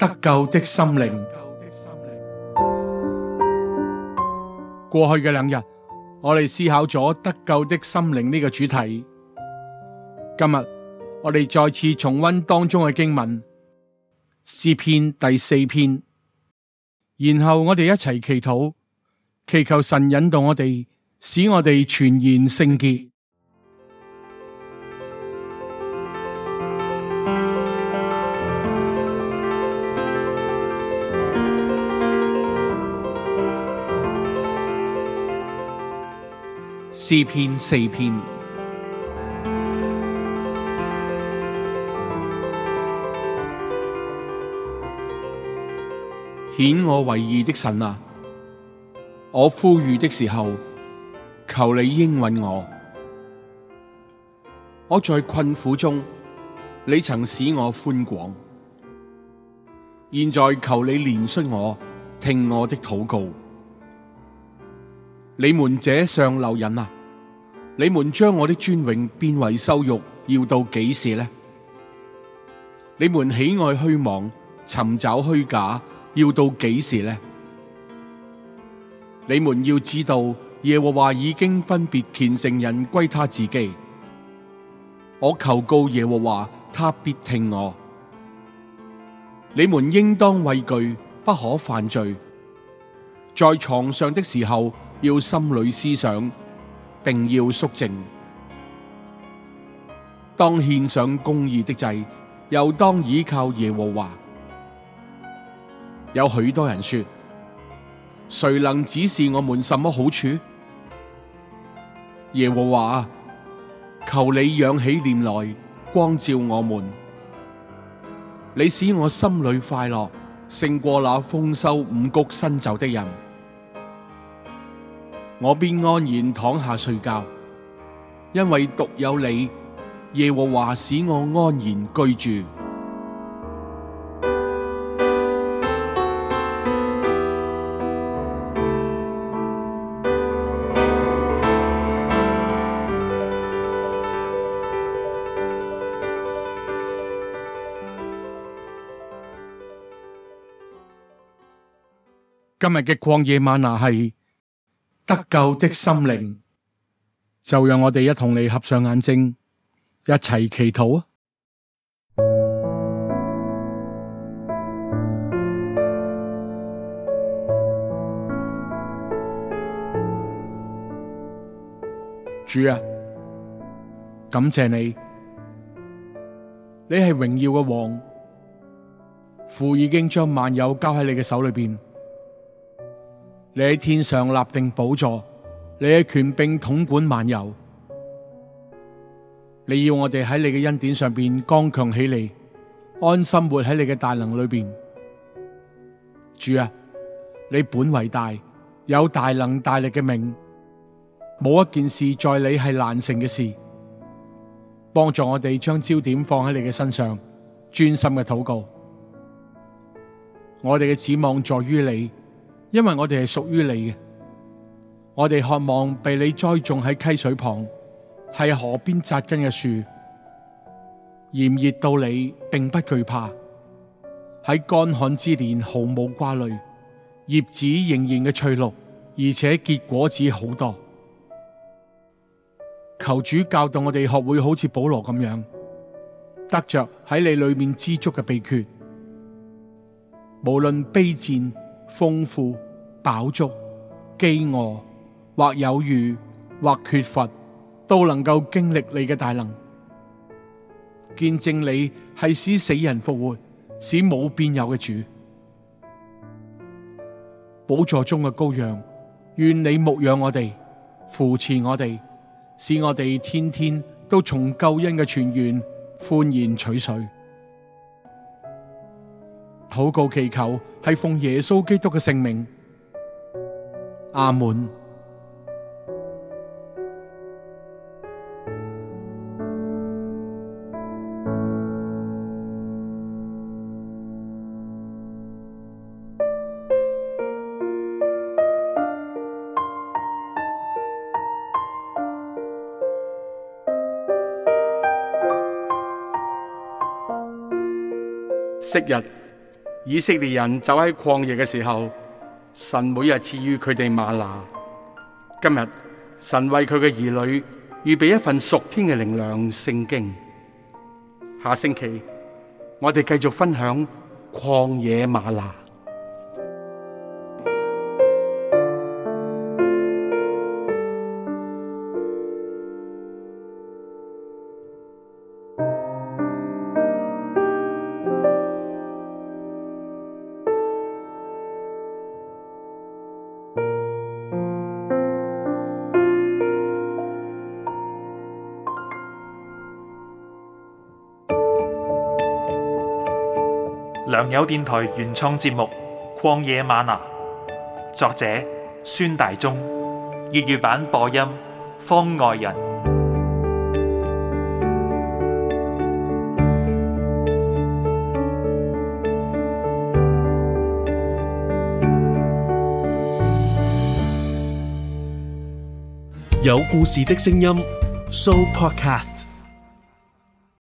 得救的心靈。過去嘅兩日，我哋思考咗得救的心靈呢個主題。今日我哋再次重溫當中嘅經文，詩篇第四篇。然後我哋一齊祈禱，祈求神引導我哋，使我哋全然聖潔。詩篇四篇，顯我為義的神啊！我呼籲的時候，求你應允我。我在困苦中，你曾使我寬廣。現在求你憐恤我，聽我的禱告。你們這上流人啊！你們將我的尊榮變為羞辱，要到幾時呢？你們喜愛虛妄，尋找虛假，要到幾時呢？你們要知道，耶和華已經分別虔誠人歸他自己。我求告耶和華，他必聽我。你們應當畏懼，不可犯罪。在床上的時候，要心裏思想。並要肅靜，當獻上公義的祭，又當倚靠耶和華。有許多人說：誰能指示我們什麼好處？耶和華，求你仰起臉來光照我們。你使我心裏快樂，勝過那豐收五穀新酒的人。我便安然躺下睡覺，因為獨有你，耶和華使我安然居住。今日嘅曠野嗎哪係。得救的心靈，就讓我哋一同你合上眼睛，一齊祈禱啊！主啊，感謝你，你係榮耀嘅王，父已經將萬有交喺你嘅手裏邊。你喺天上立定寶座，你嘅權柄統管萬有。你要我哋喺你嘅恩典上邊剛強起嚟，安心活喺你嘅大能裏邊。主啊，你本為大，有大能大力嘅名，冇一件事在你係難成嘅事。幫助我哋將焦點放喺你嘅身上，專心嘅禱告。我哋嘅指望在於你。因為我哋係屬於你嘅，我哋渴望被你栽種喺溪水旁，係河邊扎根嘅樹，炎熱到你並不懼怕，喺乾旱之年毫無掛慮，葉子仍然嘅翠綠，而且結果子好多。求主教導我哋學會好似保羅咁樣，得着喺你裏面知足嘅秘訣，無論卑賤豐富飽足、飢餓或有餘、或缺乏，都能夠經歷你嘅大能，見證你係使死人復活、使無變有嘅主。寶座中嘅羔羊，願你牧養我哋，扶持我哋，使我哋天天都從救恩嘅泉源歡然取水。禱告祈求係奉耶穌基督嘅聖名，阿門。昔日。以色列人走喺曠野嘅時候，神每日賜予佢哋嗎哪。今日神為佢嘅兒女預備一份屬天嘅靈糧聖經。下星期我哋繼續分享曠野嗎哪。良友電台原創節目《曠野嗎哪》，作者孫大中，粵語版播音方外人，有故事的聲音 show podcast。